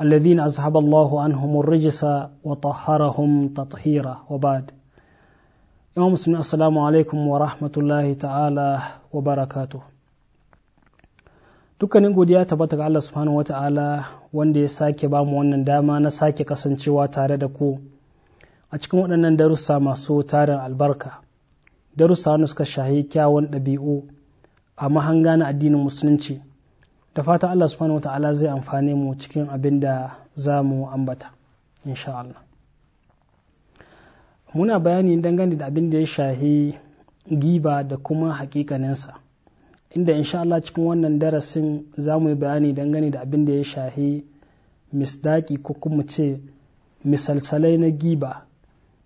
الذين أصحب الله عنهم الرجس وطهرهم تطهيرا وبعد يوم مسلم السلام عليكم ورحمة الله تعالى وبركاته dukkanin godiya tabbata ga Allah subhanahu wanda ya sake ba mu wannan dama na sake kasancewa tare da ku a cikin waɗannan darussa masu tarin albarka darussa wanda suka shahi kyawun ɗabi'u a mahanga na addinin musulunci da fata Allah subhanahu wa ta'ala zai amfane mu cikin abin da za mu ambata insha Allah muna bayani dangane da abin da ya shahi giba da kuma hakikaninsa inda insha Allah cikin wannan darasin za mu yi bayani dangane da abin da ya shahi misdaki ko kuma ce misalsalai na giba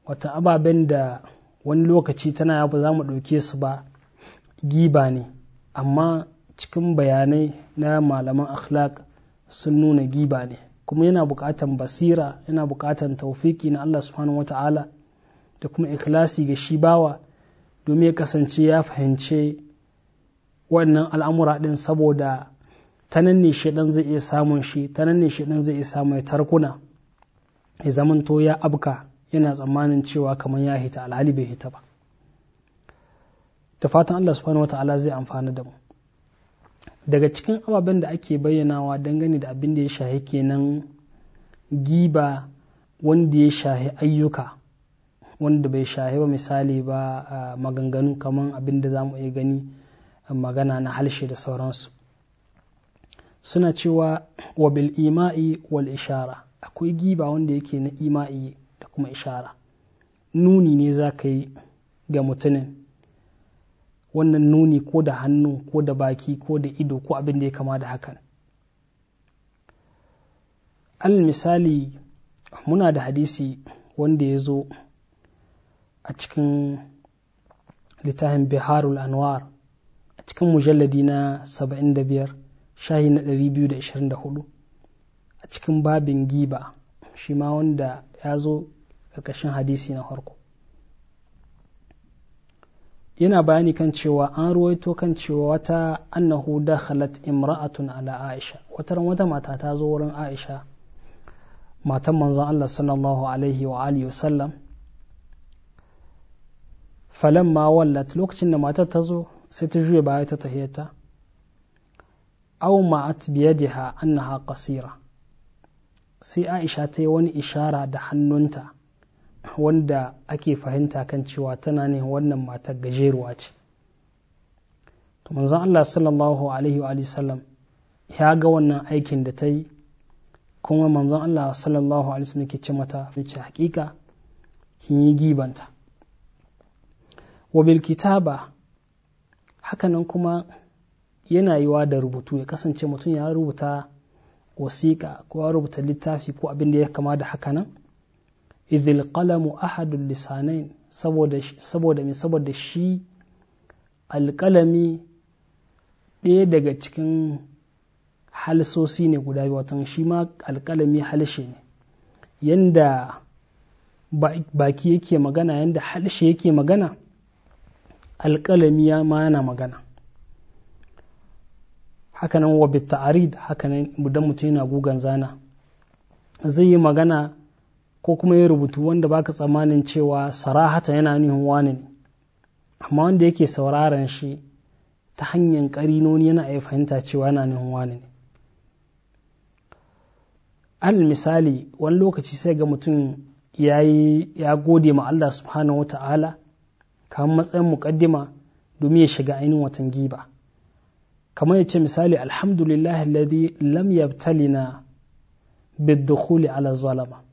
wata ababen da wani lokaci tana ba za mu ɗauke su ba giba ne amma cikin bayanai na malaman akhlaq sun nuna giba ne kuma yana buƙatan basira yana buƙatan taufiki na Allah subhanahu wata'ala da kuma ikhlasi ga shi bawa domin ya kasance ya fahimce wannan al'amura ɗin saboda ta nan ne shaidan zai iya samun shi ta nan ne shaidan zai iya samun tarkuna ya to ya abka yana tsammanin cewa kamar ya hita alhali bai hita ba da fatan Allah subhanahu wata'ala zai amfana da mu daga cikin ababen da ake bayyanawa dangane da abin da ya shahi kenan giba wanda ya shahi ayyuka wanda bai shahi ba misali ba maganganu kamar abin da za mu iya gani magana na halshe da sauransu suna cewa wa bil ima'i wal ishara akwai giba wanda yake na ima'i da kuma ishara nuni ne za ka yi ga mutumin wannan nuni ko da hannu ko da baki ko da ido ko abin da ya kama da hakan al misali muna da hadisi wanda ya zo a cikin littafin biharul anwar a cikin mujalladi na 75 shahi na 224 a cikin babin giba shi ma wanda ya zo ƙarƙashin hadisi na farko yana bayani kan cewa an ruwaito kan cewa wata annahu dakhalat imra'atun ala aisha wata ran wata mata ta zo wurin aisha matan manzon Allah sallallahu alaihi wa alihi wasallam falamma wallat lokacin da matar ta zo sai ta juya baya ta tahiyata aw ma'at biyadiha annaha qasira sai aisha ta yi wani ishara da hannunta wanda ake fahimta kan cewa tana ne wannan matar gajeruwa ce to manzon Allah sallallahu alaihi wa sallam ya ga wannan aikin da ta yi kuma manzon Allah sallallahu alaihi wasallam ke ce mata ce hakika kin yi gibanta wa bil kitaba hakanan kuma yana yiwa da rubutu ya kasance mutum ya rubuta wasiƙa ko ya rubuta littafi ko abin da ya kama da hakanan idil qalamu ahadul lisanain saboda saboda me saboda shi alƙalami ɗaya daga cikin halsosi ne guda biyu watan shi ma alƙalami halshe ne yanda baki yake magana yanda halshe yake magana alƙalami ya ma yana magana hakanan wa bit ta'arid hakanan mutum yana gugan zana zai yi magana ko kuma ya rubutu wanda baka tsammanin cewa sarahata yana nuhin wani ne amma wanda yake sauraron shi ta hanyar karinoni yana iya fahimta cewa yana nuhin wani ne al misali wani lokaci sai ga mutum ya gode ma Allah subhanahu wa ta'ala kamar matsayin muƙaddima domin ya shiga ainihin watan giba kamar ya ce misali alhamdulillah alladhi lam yabtalina bid-dukhuli ala zalama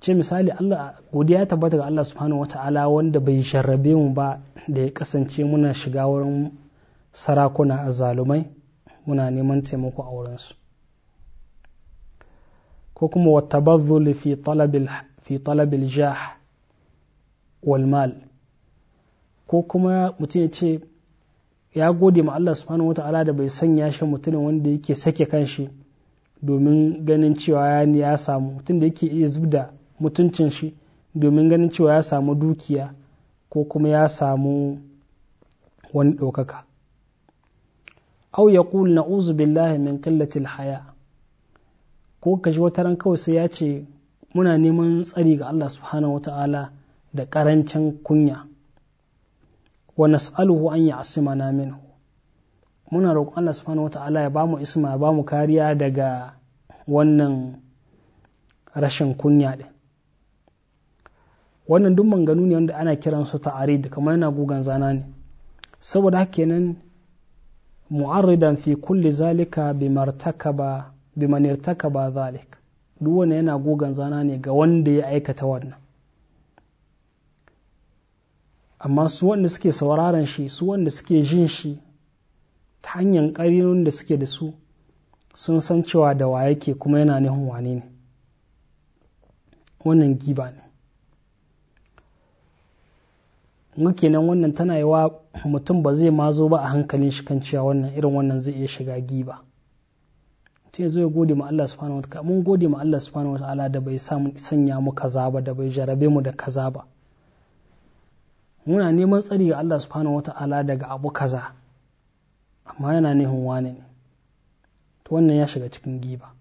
ce misali Allah godiya tabbata ga Allah subhanahu wata'ala wanda bai sharrabe mu ba da ya kasance muna shiga wurin sarakuna a zalumai muna neman taimako a wurinsu ko kuma wata bazuli fi talabil jah wal mal ko kuma mutum ya ce ya gode ma Allah subhanahu wata'ala da bai sanya shi mutumin wanda yake sake kanshi domin ganin cewa ya samu mutum da yake iya zubda mutuncin shi domin ganin cewa ya samu dukiya ko kuma ya samu wani ɗaukaka au ya na uzu billahi min qillatil haya ko kashi wata ran kawai sai ya ce muna neman tsari ga Allah subhanahu wata'ala da ƙarancin kunya wa nas'aluhu an na minhu muna roƙon Allah subhanahu wata'ala ya bamu isma ya bamu kariya daga wannan rashin kunya ɗin wannan duk manganu ne wanda ana su ta'arid kamar yana gugan zana ne saboda haka kenan mu'arridan fi kulli zalika bi man irtakaba zalik duk wanda yana gugan zana ne ga wanda ya aikata wannan amma su wanda suke sauraron shi su wanda suke jin shi ta hanyar ƙaririn da suke da su sun san cewa da wa yake kuma yana nihin wane ne wannan giba ne kenan wannan tana yi wa mutum ba zai ma zo ba a hankalin shi kan cewa wannan irin wannan zai iya shiga giba mutum zo ya gode ma Allah subhanahu wa ta'ala mun gode ma Allah subhanahu wa ta'ala da bai sa sanya mu kaza ba da bai jarabe mu da kaza ba muna neman tsari ga Allah subhanahu wa ta'ala daga abu kaza amma yana nihin wane ne to wannan ya shiga cikin giba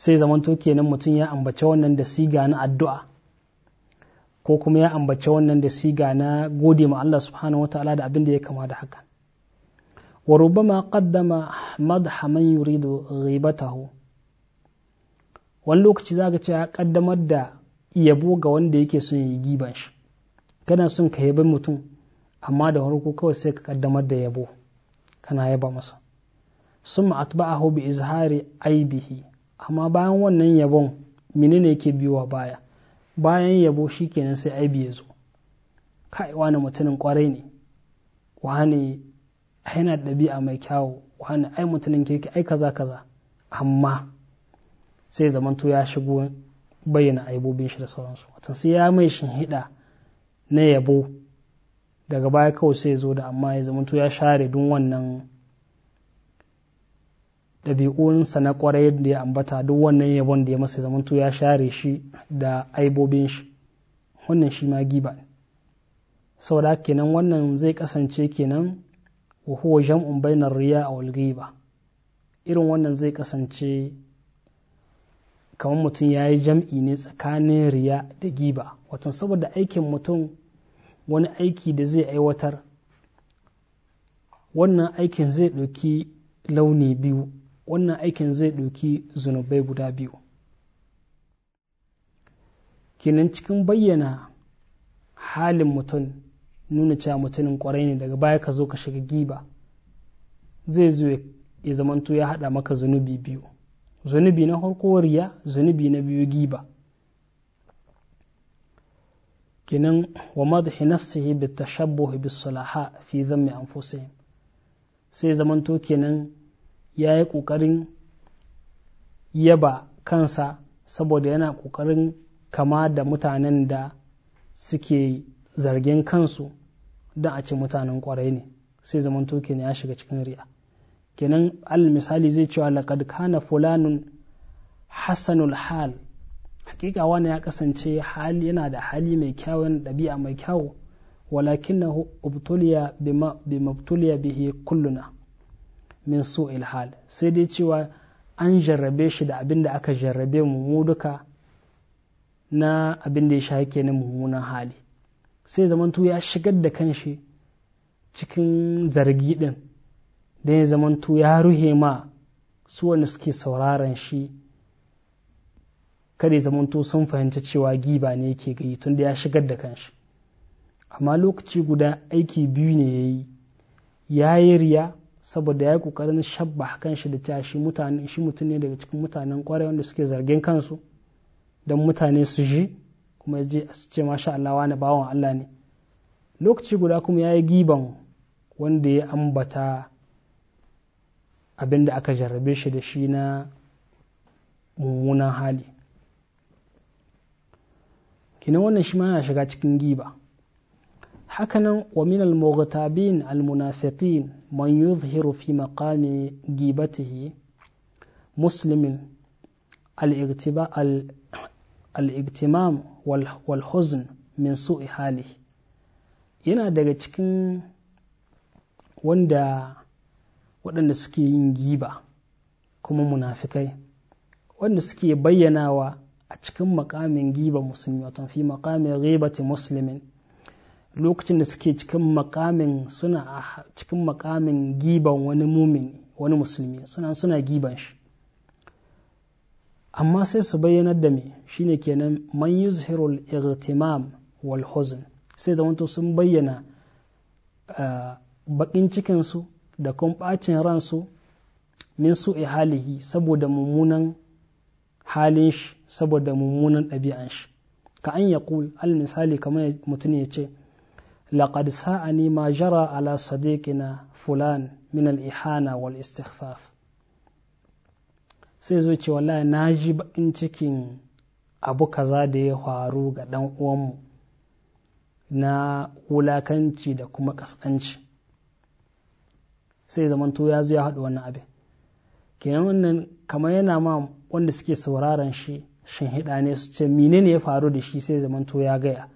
sai zamanto kenan mutum ya ambace wannan da siga na addu'a ko kuma ya ambace wannan da siga na gode ma Allah subhanahu wataala da abin da ya kama da haka wa rubama qaddama madha man yuridu ghibatahu wani lokaci zaka ce ya kaddamar da yabo ga wanda yake son yi giban shi kana son ka yabi mutum amma da farko kawai sai ka kaddamar da yabo kana yaba masa summa atba'ahu bi izhari aibihi amma bayan wannan yabon menene yake biyowa baya bayan yabo shi kenan sai aibi ya zo kai wani mutumin kwarai ne wani yana da ɗabi'a mai kyawu wani ai mutumin kirki ai kaza kaza amma sai zamanto ya shigo bayyana aibobin shi da sauransu watan sai ya mai shinhiɗa na yabo daga baya kawai sai ya zo da amma ya zamanto ya share dun wannan ɗabi'unsa na ƙwarai da ya ambata duk wannan yabon da ya masa zamantu ya share shi da aibobin shi wannan shi ma giba saboda kenan wannan zai kasance kenan wa huwa jam'un bainar riya a walgiba?" irin wannan zai kasance kamar mutum ya yi jam'i ne tsakanin riya da giba watan saboda aikin mutum wani aiki da zai aiwatar wannan aikin zai ɗauki launi biyu wannan aikin zai ɗauki zunubai guda biyu kenan cikin bayyana halin mutum nuna cewa mutumin kwarai ne daga baya ka zo ka shiga giba zai zo ya zamanto ya haɗa maka zunubi biyu zunubi na harkowar riya zunubi na biyu giba kinan wa madhi nafsihi bi tashabbuhi bis salaha fi zammi anfusihim sai zamanto kenan ya yi ƙoƙarin yaba kansa saboda yana ƙoƙarin kama da mutanen da suke zargin kansu don a ce mutanen ƙwarai ne sai zaman toke ya shiga cikin riya kenan al misali zai cewa laqad kana fulanun hasanul hal hakika wani ya kasance hali yana da hali mai kyawu yana ɗabi'a mai kyawu walakinahu ubtuliya bi bimabtuliya bihi kulluna min so ilhal sai dai cewa an jarrabe shi da abin da aka jarrabe mu duka na abin da ya sha yake na mummunan hali sai zamantu ya shigar da kanshi cikin zargi din. da ya zamantu ya ruhe ma su wani suke sauraron shi kada ya zamantu sun fahimta cewa giba ne yake gayi tun da ya shigar da kanshi amma lokaci guda aiki biyu ne ya yi ya yi riya saboda ya yi kokarin shabba kan shi da cewa shi mutane shi mutum ne daga cikin mutanen kwarai wanda suke zargin kansu don mutane su ji kuma ya je su ce masha Allah wani bawan Allah ne lokaci guda kuma ya yi giban wanda ya ambata abin da aka jarrabe shi da shi na mummunan hali kinan wannan shi ma yana shiga cikin giba hakanan wa min al-mughtabin al-munafiqin man yuzhiru fi maqami gibatihi muslimin al-igtimam wal huzn min su'i hali yana daga cikin wanda waɗanda suke yin giba kuma munafikai wanda suke bayyanawa a cikin makamin giba musulmi watan fi makamin ribati muslimin lokacin da suke cikin makamin suna cikin makamin giban wani mumin wani musulmi suna suna giban shi amma sai su bayyana da me shine kenan man yuzhirul igtimam wal huzn sai zamanto sun bayyana eh, bakin su da kuma bacin ransu min su halihi saboda mummunan halin shi saboda mummunan ɗabi'an shi ka an yaqul al misali kamar mutum ya ce لقد ساءني ما جرى على صديقنا فلان من al'ihana wal istighfaf sai zo ce wallahi na ji bakin cikin abu kaza da ya faru ga dan uwanmu na wulakanci da kuma ƙasƙanci sai zaman ya zo ya haɗu wannan abin kenan wannan kamar yana ma wanda suke sauraron shi shin hida ne su ce menene ya faru da shi sai zamanto ya gaya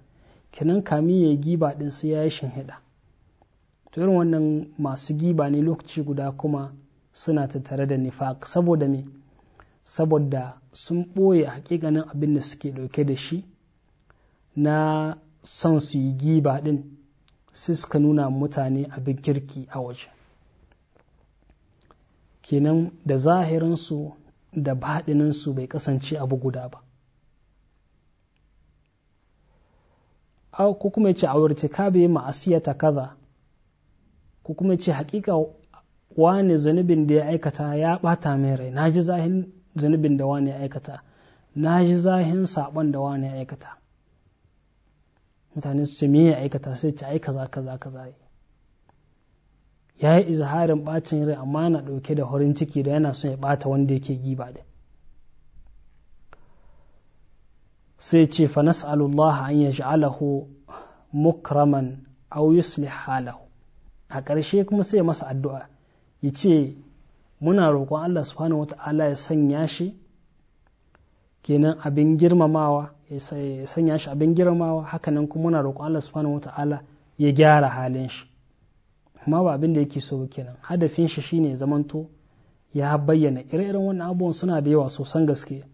kenan kami ya yi giba din sai ya yi shinhiɗa to irin wannan masu giba ne lokaci guda kuma suna tattare da nifaq saboda me saboda sun ɓoye hakikanin abin da suke ɗauke da shi na son su yi giba ɗin sai suka nuna mutane abin kirki a waje kenan da zahirinsu da baɗininsu bai kasance abu guda ba ko kuma ya ce a wurce ka bai ma'asiyata kaza ko kuma ce hakika wane zunubin da ya aikata ya bata mai rai na ji zahin zunubin da wane ya aikata na ji zahin saɓon da wane ya aikata mutane su ce me ya aikata sai ce ai kaza kaza kaza ya yi izaharin bacin rai amma yana ɗauke da horin ciki da yana son ya bata wanda yake giba da sai ce fa nas'alullah an yaj'alahu mukraman aw yuslih halahu a ƙarshe kuma sai masa addu'a ya ce muna roƙon Allah subhanahu ya sanya shi kenan abin girmamawa ya sanya shi abin girmamawa hakanan kuma muna roƙon Allah subhanahu ya gyara halin shi amma ba abin da yake so kenan hadafin shi shine zamanto ya bayyana ire-iren wannan abubuwan suna da yawa sosan gaske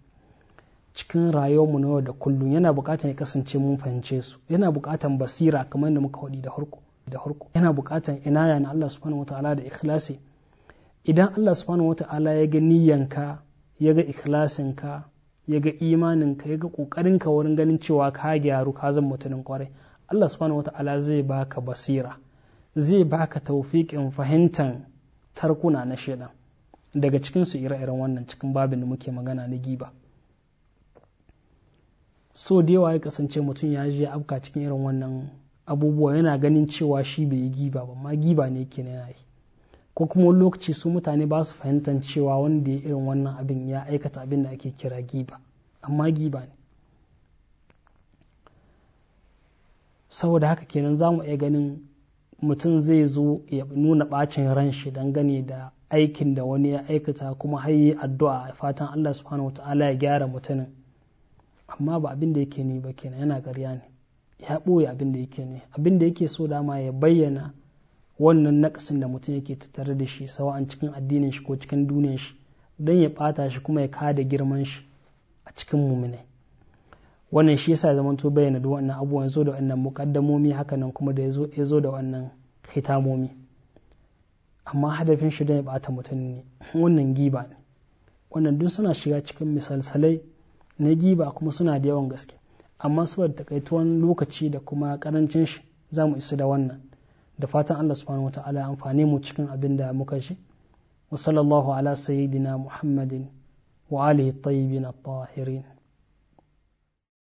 cikin rayuwar mu na yau da kullum yana buƙatar ya kasance mun fahimce su yana buƙatar basira kamar da muka faɗi da harko da harko yana bukatar inaya na Allah subhanahu wataala da ikhlasi idan Allah subhanahu wataala ya ga niyyanka ya ga ka ya ga ka ya ga ka wurin ganin cewa ka gyaru ka zama mutumin kwarai Allah subhanahu wataala zai baka basira zai baka taufiƙin fahimtan tarkuna na shaidan daga cikin cikinsu ire-iren wannan cikin babin da muke magana na giba so da yawa ya kasance mutum ya je afka cikin irin wannan abubuwa yana ganin cewa shi bai yi giba ba ma giba ne ke yana yi ko kuma wani lokaci su mutane ba su fahimtar cewa wanda ya irin wannan abin ya aikata abin da ake kira giba amma giba ne saboda haka kenan za mu iya ganin mutum zai zo ya nuna bacin ran shi don gane da aikin da wani ya aikata kuma har yi addu'a fatan Allah subhanahu wa ta'ala ya gyara mutumin amma ba abin da yake nuni ba kenan yana ƙarya ne ya ɓoye abin da yake nuni abin da yake so dama ya bayyana wannan naƙasin da mutum yake tattare da shi an cikin addinin shi ko cikin duniyar shi don ya ɓata shi kuma ya kada girman shi a cikin muminai wannan shi yasa zaman to bayyana da wannan abubuwan zo da wannan muƙaddamomi haka nan kuma da ya zo da wannan hitamomi amma hadafin shi don ya ɓata mutum ne wannan giba ne wannan duk suna shiga cikin misalsalai na giba kuma suna da yawan gaske amma saboda takaituwan lokaci da kuma karancin shi za mu isu da wannan da fatan Allah subhanahu wa ta'ala amfane mu cikin abin da muka shi wa sallallahu ala sayyidina muhammadin wa alihi tayyibin at-tahirin